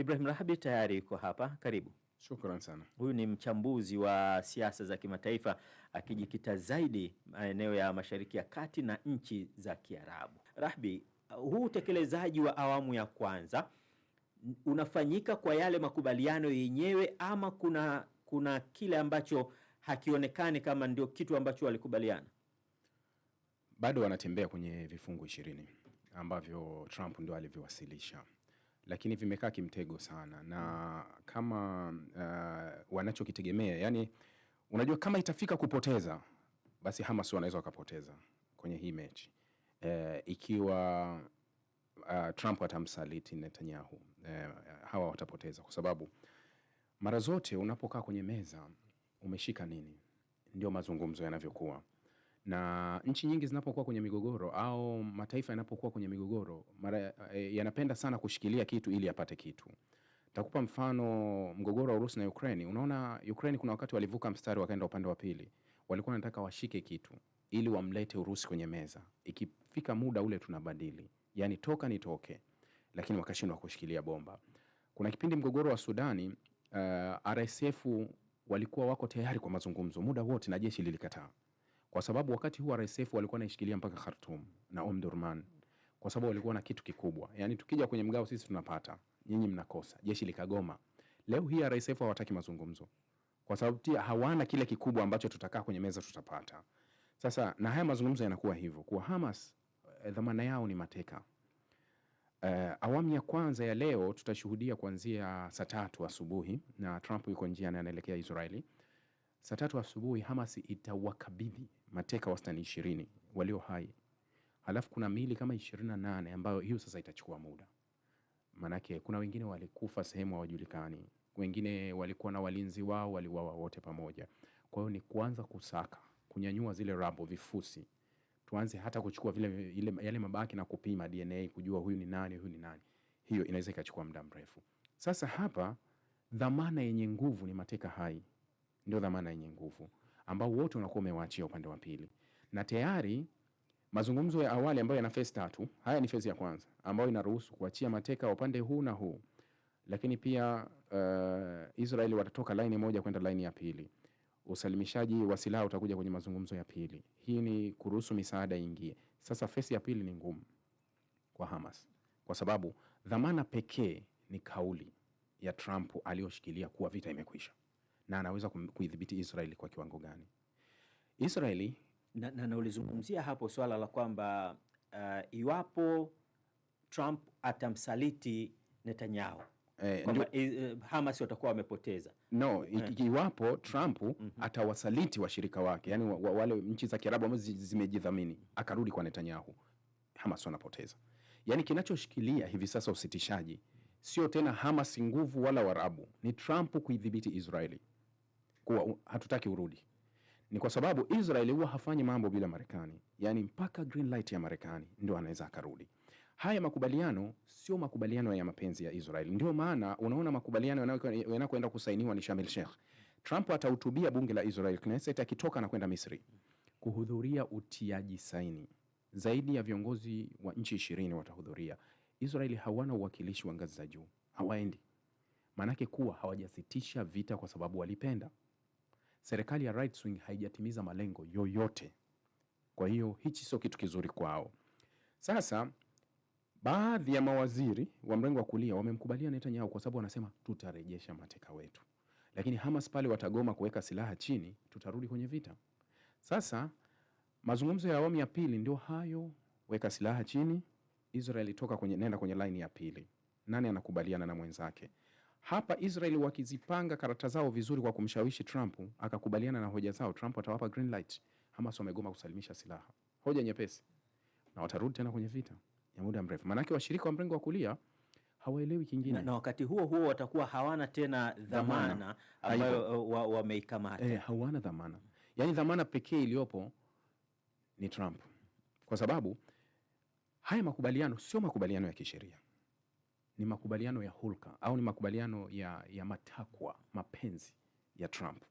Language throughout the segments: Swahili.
Ibrahim Rahabi tayari yuko hapa, karibu. Shukran sana. Huyu ni mchambuzi wa siasa za kimataifa akijikita zaidi maeneo ya Mashariki ya Kati na nchi za Kiarabu. Rahbi, huu utekelezaji wa awamu ya kwanza unafanyika kwa yale makubaliano yenyewe ama kuna kuna kile ambacho hakionekani kama ndio kitu ambacho walikubaliana? Bado wanatembea kwenye vifungu ishirini ambavyo Trump ndio alivyowasilisha lakini vimekaa kimtego sana na kama uh, wanachokitegemea yani, unajua kama itafika kupoteza basi Hamas wanaweza wakapoteza kwenye hii mechi uh, ikiwa uh, Trump atamsaliti Netanyahu uh, hawa watapoteza kwa sababu mara zote unapokaa kwenye meza umeshika nini, ndio mazungumzo yanavyokuwa. Na nchi nyingi zinapokuwa kwenye migogoro au mataifa yanapokuwa kwenye migogoro mara e, yanapenda sana kushikilia kitu ili apate kitu. Takupa mfano mgogoro wa Urusi na Ukraine. Unaona Ukraine kuna wakati walivuka mstari wakaenda upande wa pili. Walikuwa wanataka washike kitu ili wamlete Urusi kwenye meza. Ikifika muda ule tunabadili. yani toka nitoke. Lakini wakashindwa kushikilia bomba. Kuna kipindi mgogoro wa Sudani, uh, eh, RSF walikuwa wako tayari kwa mazungumzo muda wote na jeshi lilikataa kwa sababu wakati huo RSF walikuwa naishikilia mpaka Khartoum na Omdurman kwa sababu walikuwa na kitu kikubwa, Yani tukija kwenye mgao sisi tunapata, nyinyi mnakosa, jeshi likagoma. Leo hii RSF hawataki mazungumzo kwa sababu tia hawana kile kikubwa ambacho tutakaa kwenye meza tutapata. Sasa na haya mazungumzo yanakuwa hivyo kwa Hamas eh, dhamana yao ni mateka. Uh, awamu ya kwanza ya leo tutashuhudia kuanzia saa tatu asubuhi na Trump yuko njiani anaelekea Israeli. Saa tatu asubuhi Hamas itawakabidhi mateka wastani ishirini walio hai, halafu kuna miili kama ishirini na nane ambayo hiyo sasa itachukua muda, maanake kuna wengine walikufa sehemu hawajulikani, wengine walikuwa na walinzi wao, waliwawa wote pamoja. Kwa hiyo ni kuanza kusaka, kunyanyua zile rabo, vifusi, tuanze hata kuchukua vile ile, yale mabaki na kupima DNA kujua huyu ni nani, huyu ni nani. Hiyo inaweza ikachukua muda mrefu. Sasa hapa dhamana yenye nguvu ni mateka hai ndio dhamana yenye nguvu ambao wote unakuwa umewaachia upande wa pili, na tayari mazungumzo ya awali ambayo yana phase tatu. Haya ni phase ya kwanza ambayo inaruhusu kuachia mateka upande huu na huu, lakini pia uh, Israeli watatoka laini moja kwenda laini ya pili. Usalimishaji wa silaha utakuja kwenye mazungumzo ya pili. Hii ni kuruhusu misaada ingie. Sasa phase ya pili ni ngumu kwa Hamas kwa sababu dhamana pekee ni kauli ya Trump aliyoshikilia kuwa vita imekwisha na anaweza kuidhibiti Israeli kwa kiwango gani. Israeli na, na, na ulizungumzia hapo swala la kwamba uh, iwapo Trump atamsaliti Netanyahu eh, kwamba uh, Hamas watakuwa wamepoteza. No, eh, iwapo Trump mm -hmm. atawasaliti washirika wake, yani wa, wale nchi za Kiarabu ambazo zimejidhamini akarudi kwa Netanyahu, Hamas wanapoteza. Yani kinachoshikilia hivi sasa usitishaji sio tena Hamas nguvu wala Waarabu, ni Trump kuidhibiti Israeli kuwa hatutaki urudi, ni kwa sababu Israeli huwa hafanyi mambo bila Marekani, yaani mpaka green light ya Marekani ndio anaweza akarudi. Haya makubaliano sio makubaliano ya mapenzi ya Israel. Ndio maana unaona makubaliano yanakoenda kusainiwa ni shamil Sheikh. Trump atahutubia bunge la Israel Knesset akitoka na kwenda Misri kuhudhuria utiaji saini. Zaidi ya viongozi wa nchi ishirini watahudhuria. Israeli hawana uwakilishi wa ngazi za juu, hawaendi, maanake kuwa hawajasitisha vita kwa sababu walipenda serikali ya right wing haijatimiza malengo yoyote. Kwa hiyo hichi sio kitu kizuri kwao. Sasa baadhi ya mawaziri wa mrengo wa kulia wamemkubalia Netanyahu kwa sababu wanasema tutarejesha mateka wetu, lakini Hamas pale watagoma kuweka silaha chini, tutarudi kwenye vita. Sasa mazungumzo ya awamu ya pili ndio hayo, weka silaha chini, Israel toka kwenye, nenda kwenye laini ya pili. Nani anakubaliana na mwenzake? hapa Israel wakizipanga karata zao vizuri kwa kumshawishi Trump akakubaliana na hoja zao, Trump atawapa green light. Hamas wamegoma kusalimisha silaha, hoja nyepesi, na watarudi tena kwenye vita ya muda mrefu. Maanake washirika wa mrengo wa kulia hawaelewi kingine na, na wakati huo huo watakuwa hawana tena dhamana, ambayo uh, wameikamata wa eh, hawana dhamana, yaani dhamana pekee iliyopo ni Trump, kwa sababu haya makubaliano sio makubaliano ya kisheria ni makubaliano ya hulka au ni makubaliano ya, ya matakwa mapenzi ya Trump,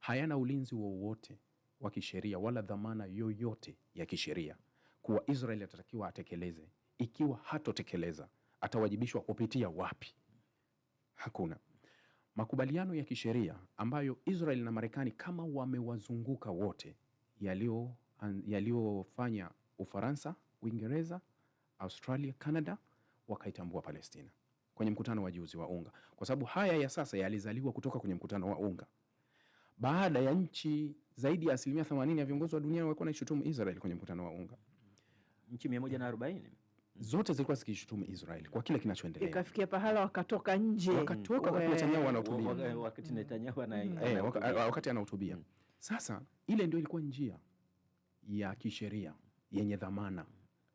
hayana ulinzi wowote wa kisheria wala dhamana yoyote ya kisheria kuwa Israel atatakiwa atekeleze. Ikiwa hatotekeleza atawajibishwa kupitia wapi? Hakuna makubaliano ya kisheria ambayo Israel na Marekani kama wamewazunguka wote, yaliyofanya Ufaransa, Uingereza, Australia, Canada wakaitambua Palestina kwenye mkutano wa juzi wa UNGA, kwa sababu haya ya sasa yalizaliwa kutoka kwenye mkutano wa UNGA baada ya nchi zaidi ya asilimia 80 ya viongozi wa dunia walikuwa naishutumu Israel kwenye mkutano wa UNGA. Nchi 140 zote zilikuwa zikishutumu Israel kwa kile kinachoendelea, ikafikia pahala wakatoka nje wakatoka kwa Netanyahu anahutubia, wakati mm. Netanyahu mm. eh, wakati anahutubia. Mm. Sasa ile ndio ilikuwa njia ya kisheria yenye dhamana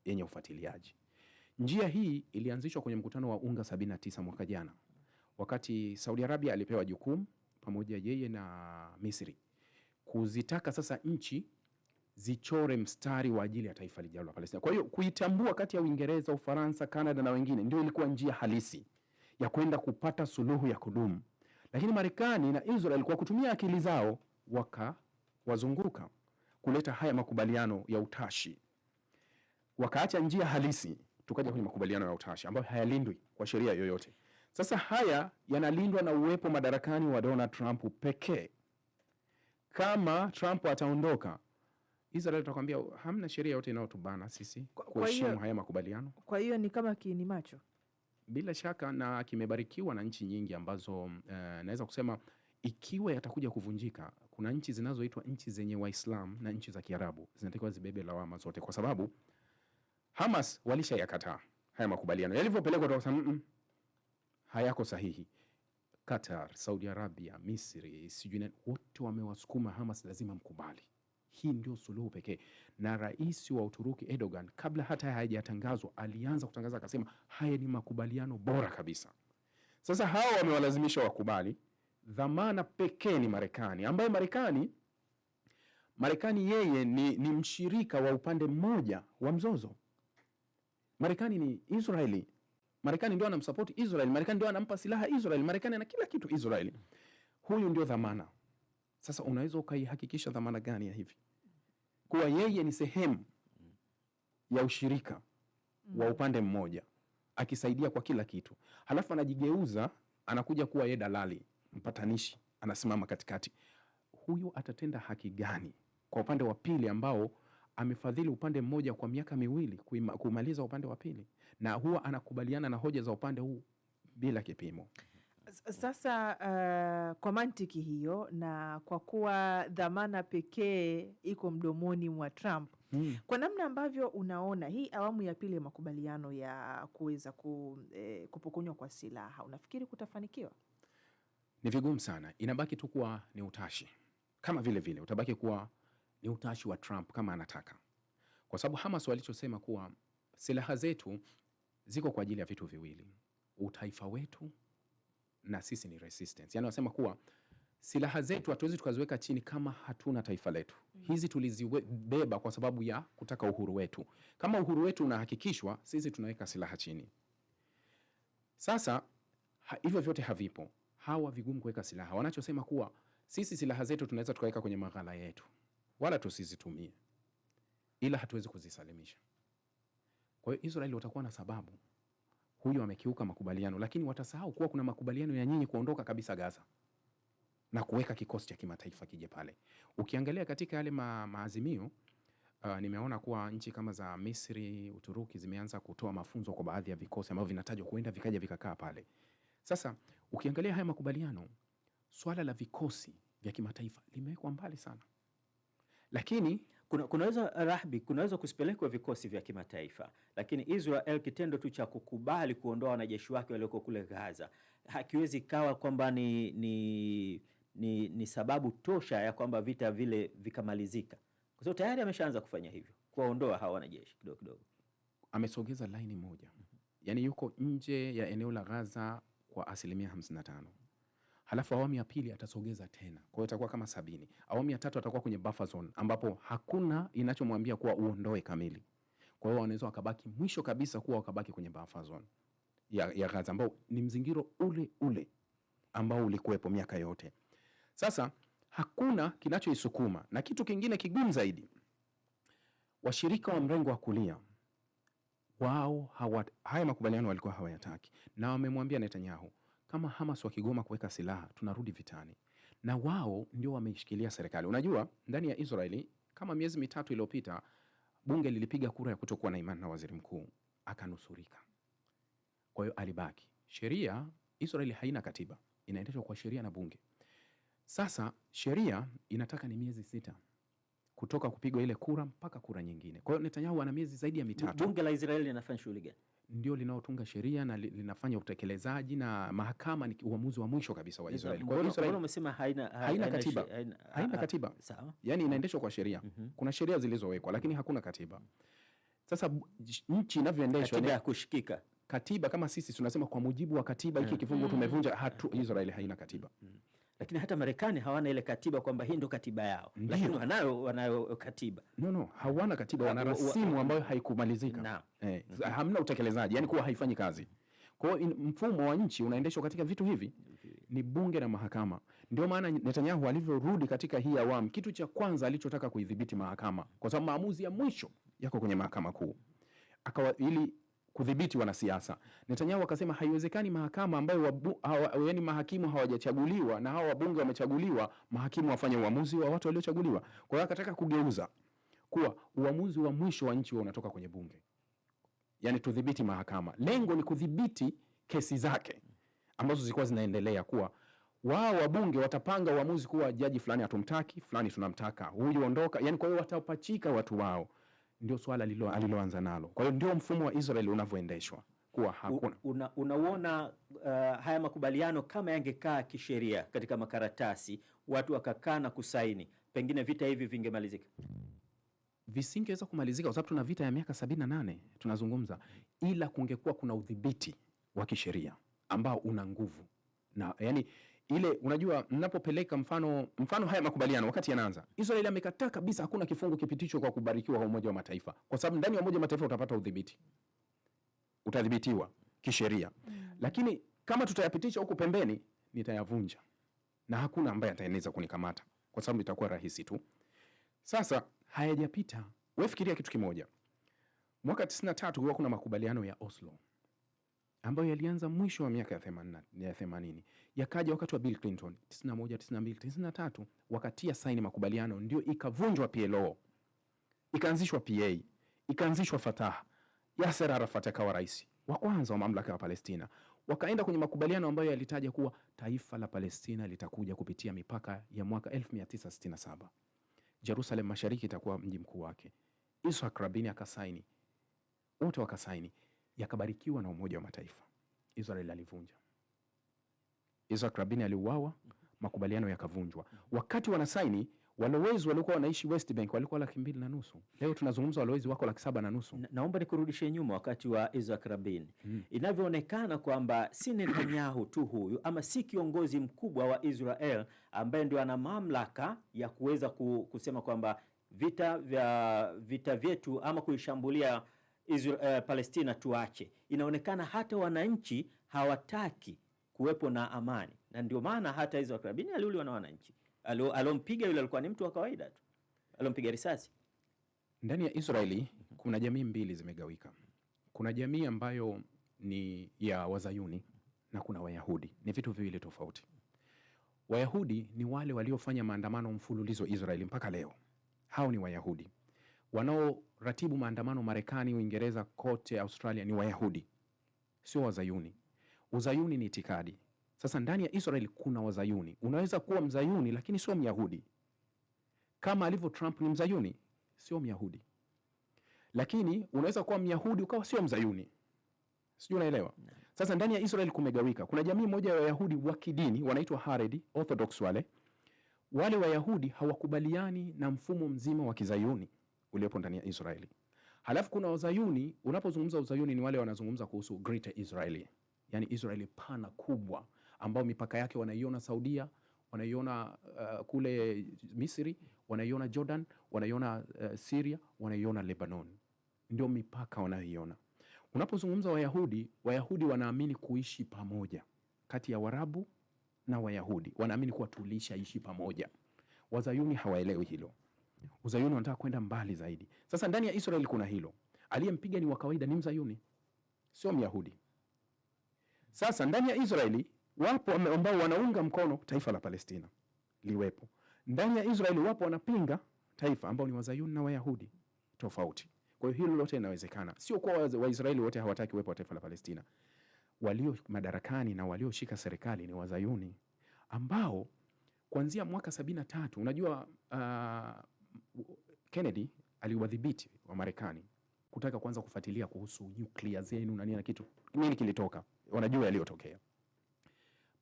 yenye ufuatiliaji Njia hii ilianzishwa kwenye mkutano wa UNGA 79 mwaka jana, wakati Saudi Arabia alipewa jukumu pamoja yeye na Misri kuzitaka sasa nchi zichore mstari wa ajili ya taifa lijalo la Palestina. Kwa hiyo kuitambua kati ya Uingereza, Ufaransa, Kanada na wengine ndio ilikuwa njia halisi ya kwenda kupata suluhu ya kudumu, lakini Marekani na Israel kwa kutumia akili zao wakawazunguka kuleta haya makubaliano ya utashi, wakaacha njia halisi tukaja kwenye makubaliano ya utashi ambayo hayalindwi kwa sheria yoyote. Sasa haya yanalindwa na uwepo madarakani wa Donald Trump pekee. Kama Trump ataondoka, Israel atakwambia hamna sheria yote inayotubana sisi kuheshimu haya makubaliano. Kwa hiyo ni kama kiini macho bila shaka, na kimebarikiwa na nchi nyingi ambazo uh, naweza kusema ikiwa yatakuja kuvunjika, kuna nchi zinazoitwa nchi zenye Waislamu na nchi za Kiarabu zinatakiwa zibebe lawama zote kwa sababu Hamas walishayakataa haya makubaliano yalivyopelekwa, tukasema mm -mm, hayako sahihi. Qatar, Saudi Arabia, Misri, sijui wote wamewasukuma Hamas, lazima mkubali, hii ndio suluhu pekee. Na rais wa Uturuki Erdogan, kabla hata hayajatangazwa, alianza kutangaza akasema, haya ni makubaliano bora kabisa. Sasa hawa wamewalazimisha wakubali. Dhamana pekee ni Marekani, ambayo Marekani Marekani yeye ni, ni mshirika wa upande mmoja wa mzozo Marekani ni Israeli. Marekani ndio anamsupport Israel. Marekani ndio anampa silaha Israel. Marekani ana kila kitu Israel. Huyu ndio dhamana. Sasa unaweza ukaihakikisha dhamana gani ya hivi kuwa yeye ni sehemu ya ushirika wa mm. upande mmoja akisaidia kwa kila kitu, halafu anajigeuza anakuja kuwa ye dalali mpatanishi, anasimama katikati. Huyu atatenda haki gani kwa upande wa pili ambao amefadhili upande mmoja kwa miaka miwili kumaliza upande wa pili, na huwa anakubaliana na hoja za upande huu bila kipimo. Sasa uh, kwa mantiki hiyo na kwa kuwa dhamana pekee iko mdomoni mwa Trump hmm. Kwa namna ambavyo unaona hii awamu ya pili ya makubaliano ya kuweza ku, eh, kupokonywa kwa silaha, unafikiri kutafanikiwa? Ni vigumu sana, inabaki tu kuwa ni utashi kama vile vile utabaki kuwa ni utashi wa Trump kama anataka, kwa sababu Hamas walichosema kuwa silaha zetu ziko kwa ajili ya vitu viwili, utaifa wetu na sisi ni resistance. Yani wanasema kuwa silaha zetu hatuwezi tukaziweka chini kama hatuna taifa letu. Mm. Hizi tulizibeba kwa sababu ya kutaka uhuru wetu. Kama uhuru wetu unahakikishwa, sisi tunaweka silaha chini. Sasa hivyo vyote havipo, hawa vigumu kuweka silaha. Wanachosema kuwa sisi silaha zetu tunaweza tukaweka kwenye maghala yetu wala tusizitumie, ila hatuwezi kuzisalimisha. Kwa hiyo Israeli watakuwa na sababu, huyu amekiuka makubaliano, lakini watasahau kuwa kuna makubaliano ya nyinyi kuondoka kabisa Gaza na kuweka kikosi cha kimataifa kije pale. Ukiangalia katika yale ma maazimio uh, nimeona kuwa nchi kama za Misri, Uturuki zimeanza kutoa mafunzo kwa baadhi ya vikosi ambavyo vinatajwa kuenda vikaja vikakaa pale. Sasa ukiangalia haya makubaliano, swala la vikosi vya kimataifa limewekwa mbali sana lakini kuna, kunaweza Rahbi, kunaweza kusipelekwa vikosi vya kimataifa, lakini Israel kitendo tu cha kukubali kuondoa wanajeshi wake walioko kule Gaza hakiwezi kawa kwamba ni, ni, ni, ni sababu tosha ya kwamba vita vile vikamalizika, kwa sababu tayari ameshaanza kufanya hivyo, kuwaondoa hawa wanajeshi kidogo kidogo, amesogeza laini moja, mhm. yaani yuko nje ya eneo la Gaza kwa asilimia 55 halafu awamu ya pili atasogeza tena, kwa hiyo itakuwa kama sabini. Awamu ya tatu atakuwa kwenye buffer zone ambapo hakuna inachomwambia kuwa uondoe kamili, kwa hiyo wanaweza wakabaki mwisho kabisa kuwa wakabaki kwenye buffer zone ya, ya Gaza ambao ni mzingiro ule ule ambao ulikuwepo miaka yote. Sasa hakuna kinachoisukuma, na kitu kingine kigumu zaidi, washirika wa mrengo wa kulia wao hawa, haya makubaliano walikuwa hawayataki na wamemwambia Netanyahu kama Hamas wakigoma kuweka silaha tunarudi vitani, na wao ndio wameishikilia serikali. Unajua, ndani ya Israeli kama miezi mitatu iliyopita bunge lilipiga kura ya kutokuwa na imani na waziri mkuu akanusurika. Kwa hiyo alibaki sheria. Israeli haina katiba, inaendeshwa kwa sheria na bunge. Sasa sheria inataka ni miezi sita kutoka kupigwa ile kura mpaka kura nyingine. Kwa hiyo Netanyahu ana miezi zaidi ya mitatu. Bunge la Israeli linafanya shughuli gani? Ndio linaotunga sheria na linafanya utekelezaji na mahakama ni uamuzi wa mwisho kabisa wa Israeli. Kwa hiyo Israeli umesema haina haina katiba. Haina, haina katiba. Ah, ah, sawa. Yaani inaendeshwa kwa sheria. Mm -hmm. Kuna sheria zilizowekwa lakini hakuna katiba. Sasa nchi inavyoendeshwa katiba ya kushikika. Katiba kama sisi tunasema kwa mujibu wa katiba hiki mm. kifungu mm. tumevunja hatu mm. Israeli haina katiba. Mm -hmm lakini hata Marekani hawana ile katiba kwamba hii ndio katiba yao, lakini wanayo wanayo katiba. No, no, hawana katiba, wana rasimu ambayo haikumalizika na, eh, hamna utekelezaji, yani kuwa haifanyi kazi. Kwa hiyo mfumo wa nchi unaendeshwa katika vitu hivi, ni bunge na mahakama. Ndio maana Netanyahu alivyorudi katika hii awamu, kitu cha kwanza alichotaka kuidhibiti mahakama, kwa sababu maamuzi ya mwisho yako kwenye mahakama kuu, akawa ili kudhibiti wanasiasa. Netanyahu akasema haiwezekani mahakama ambayo wabu, hawa, yani mahakimu hawajachaguliwa na hawa wabunge wamechaguliwa, mahakimu wafanye uamuzi wa watu waliochaguliwa. Kwa hiyo akataka kugeuza kuwa uamuzi wa mwisho wa nchi unatoka kwenye bunge, yani tudhibiti mahakama. Lengo ni kudhibiti kesi zake ambazo zilikuwa zinaendelea kuwa wao wabunge watapanga uamuzi kuwa jaji fulani hatumtaki, fulani tunamtaka, huyu ondoka. Yani kwa hiyo watapachika watu wao ndio swala aliloanza nalo. Kwa hiyo ndio mfumo wa Israel unavyoendeshwa kuwa hakuna una, unauona uh, haya makubaliano kama yangekaa kisheria katika makaratasi, watu wakakaa na kusaini, pengine vita hivi vingemalizika visingeweza kumalizika kwa sababu tuna vita ya miaka sabini na nane tunazungumza, ila kungekuwa kuna udhibiti wa kisheria ambao una nguvu na yani ile unajua, mnapopeleka mfano mfano haya makubaliano wakati yanaanza, Israeli amekataa kabisa, hakuna kifungu kipitishwa kwa kubarikiwa kwa Umoja wa Mataifa, kwa sababu ndani ya Umoja wa Mataifa utapata udhibiti, utadhibitiwa kisheria mm. Lakini kama tutayapitisha huko pembeni, nitayavunja na hakuna ambaye ataeneza kunikamata, kwa sababu itakuwa rahisi tu. Sasa hayajapita. Wewe fikiria kitu kimoja, mwaka 93 kulikuwa kuna makubaliano ya Oslo ambayo yalianza mwisho wa miaka ya 80 ya 80 Yakaja wakati wa Bill Clinton 91, 92, 93 wakatia saini makubaliano, ndio ikavunjwa PLO, ikaanzishwa PA, ikaanzishwa Fatah. Yasser Arafat akawa rais wa kwanza wa mamlaka ya Palestina. Wakaenda kwenye makubaliano ambayo yalitaja kuwa taifa la Palestina litakuja kupitia mipaka ya mwaka 1967. Jerusalem Mashariki itakuwa mji mkuu wake. Isaac Rabin akasaini, wote wakasaini, yakabarikiwa na Umoja wa Mataifa. Israel alivunja Isaac Rabin aliuawa, makubaliano yakavunjwa. Wakati wanasaini walowezi waliokuwa wanaishi West Bank walikuwa laki mbili na nusu. Leo tunazungumza walowezi wako laki saba na nusu. Na, naomba nikurudishe nyuma wakati wa Isaac Rabin hmm. Inavyoonekana kwamba si Netanyahu tu huyu ama si kiongozi mkubwa wa Israel ambaye ndio ana mamlaka ya kuweza kusema kwamba vita vya vita vyetu ama kuishambulia Israel, eh, Palestina tuache. Inaonekana hata wananchi hawataki kuwepo na amani, na ndio maana hata hizo Akarabini aliuliwa na wananchi. Alompiga yule alikuwa ni mtu wa kawaida tu, alompiga risasi. Ndani ya Israeli mhm. kuna jamii mbili zimegawika. Kuna jamii ambayo ni ya Wazayuni na kuna Wayahudi, ni vitu viwili tofauti. Wayahudi ni wale waliofanya maandamano mfululizo Israeli mpaka leo, hao ni Wayahudi. Wanaoratibu maandamano Marekani, Uingereza, kote Australia ni Wayahudi, sio Wazayuni. Uzayuni ni itikadi. Sasa ndani ya Israel kuna Wazayuni. Unaweza kuwa mzayuni lakini sio Myahudi, kama alivyo Trump ni mzayuni, sio Myahudi. Lakini unaweza kuwa Myahudi ukawa sio mzayuni, sijui unaelewa. Sasa ndani ya Israel kumegawika. Kuna jamii moja ya Wayahudi wa kidini wanaitwa Haredi, Orthodox wale wale Wayahudi hawakubaliani na mfumo mzima wa kizayuni uliopo ndani ya Israeli. Halafu kuna Wazayuni. Unapozungumza Uzayuni, ni wale wanazungumza kuhusu Greater Israeli yani Israeli pana kubwa, ambao mipaka yake wanaiona Saudia, wanaiona uh, kule Misri, wanaiona Jordan, wanaiona uh, Syria, wanaiona Lebanon, ndio mipaka wanaiona. Unapozungumza Wayahudi, Wayahudi wanaamini kuishi pamoja kati ya Warabu na Wayahudi, wanaamini kuwa tulishaishi pamoja. Wazayuni hawaelewi hilo. Uzayuni wanataka kwenda mbali zaidi. Sasa ndani ya Israeli kuna hilo, aliyempiga ni wa kawaida, ni Mzayuni, sio Myahudi. Sasa ndani ya Israeli wapo ambao wanaunga mkono taifa la Palestina liwepo. Ndani ya Israeli wapo wanapinga taifa ambao ni Wazayuni na Wayahudi tofauti. Kwa hiyo hilo lote linawezekana, sio kuwa Waisraeli wote hawataki uwepo wa taifa la Palestina. Walio madarakani na walioshika serikali ni Wazayuni ambao kuanzia mwaka sabini na tatu unajua uh, Kennedy aliwadhibiti wa Marekani kutaka kuanza kufuatilia kuhusu nyuklia zenu na nini na kitu nini kilitoka wanajua yaliyotokea.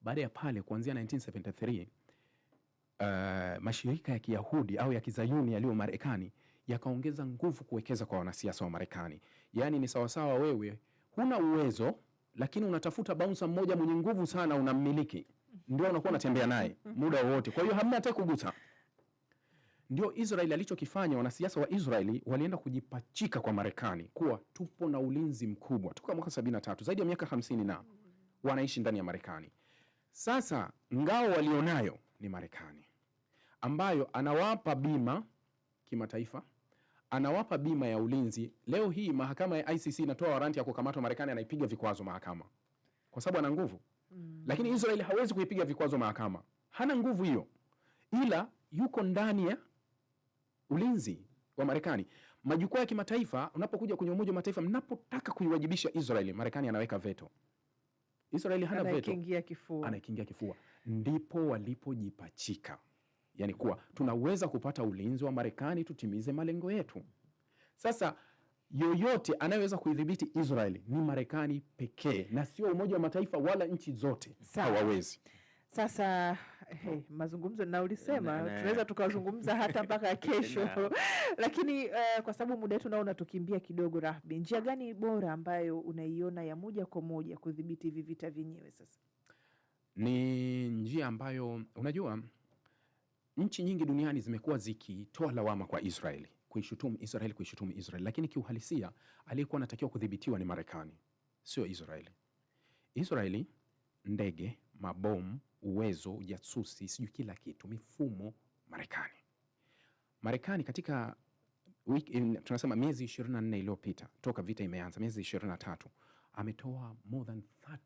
Baada ya pale kuanzia 1973 uh, mashirika ya Kiyahudi au ya Kizayuni yaliyo Marekani yakaongeza nguvu kuwekeza kwa wanasiasa wa Marekani. Yaani ni sawasawa wewe huna uwezo lakini unatafuta bouncer mmoja mwenye nguvu sana unammiliki, ndio unakuwa unatembea naye muda wowote, kwa hiyo hamna hata kugusa. Ndio Israeli alichokifanya. Wanasiasa wa Israeli walienda kujipachika kwa Marekani kuwa tupo na ulinzi mkubwa toka mwaka sabini na tatu, zaidi ya miaka hamsini na wanaishi ndani ya Marekani. Sasa ngao walionayo ni Marekani ambayo anawapa bima kimataifa, anawapa bima ya ulinzi. Leo hii mahakama ya ICC inatoa waranti ya kukamatwa, Marekani anaipiga vikwazo mahakama kwa sababu ana nguvu mm. Lakini Israeli hawezi kuipiga vikwazo mahakama, hana nguvu hiyo, ila yuko ndani ya ulinzi wa Marekani. Majukwaa ya kimataifa, unapokuja kwenye Umoja wa Mataifa, mnapotaka kuiwajibisha Israeli, Marekani anaweka veto. Israeli hana veto, anaikingia kifua, anaikingia kifua. Ndipo walipojipachika, yani kuwa tunaweza kupata ulinzi wa Marekani, tutimize malengo yetu. Sasa yoyote anayeweza kuidhibiti Israeli ni Marekani pekee, na sio Umoja wa Mataifa wala nchi zote hawawezi. Sasa Hey, mazungumzo na ulisema tunaweza tukazungumza hata mpaka kesho lakini uh, kwa sababu muda wetu nao unatukimbia kidogo, Rahbi, njia gani bora ambayo unaiona ya moja kwa moja kudhibiti hivi vita vyenyewe? Sasa ni njia ambayo unajua nchi nyingi duniani zimekuwa zikitoa lawama kwa Israeli, kuishutumu Israeli, kuishutumu Israeli, lakini kiuhalisia aliyekuwa anatakiwa kudhibitiwa ni Marekani, sio Israeli. Israeli ndege, mabomu uwezo, ujasusi, sijui kila kitu, mifumo Marekani. Marekani katika wiki, eh, tunasema miezi 24 iliyopita toka vita imeanza, miezi 23 ametoa more than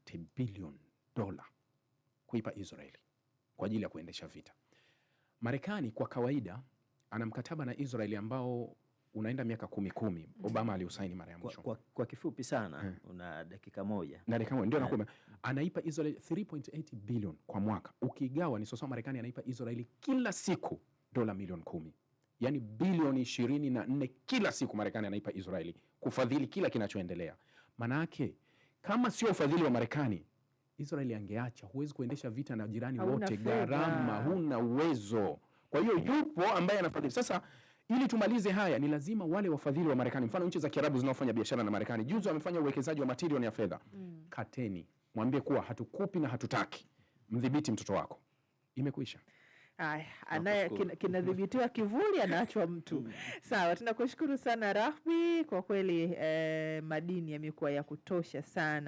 30 billion dola kuipa Israeli kwa ajili ya kuendesha vita. Marekani kwa kawaida ana mkataba na Israeli ambao unaenda miaka kumi kumi, mm-hmm. Obama aliusaini mara ya mwisho. Kwa, kwa, kwa kifupi sana hmm. Una dakika moja na dakika moja ndio eh. nakuma anaipa Israel 3.8 billion kwa mwaka, ukigawa ni sawasawa Marekani anaipa Israeli kila siku dola milioni kumi yaani bilioni ishirini na nne kila siku Marekani anaipa Israeli kufadhili kila kinachoendelea. Maanayake kama sio ufadhili wa Marekani, Israeli angeacha. Huwezi kuendesha vita na jirani wote, gharama, huna uwezo. Kwa hiyo yupo ambaye anafadhili sasa ili tumalize haya, ni lazima wale wafadhili wa Marekani, mfano nchi za Kiarabu zinaofanya biashara na Marekani, juzi wamefanya uwekezaji wa matirioni ya fedha mm. Kateni, mwambie kuwa hatukupi na hatutaki, mdhibiti mtoto wako, imekwisha. Aya, anaye kinadhibitiwa kina kivuli anaachwa mtu mm. sawa. Tunakushukuru sana Rahbi, kwa kweli eh, madini yamekuwa ya kutosha sana.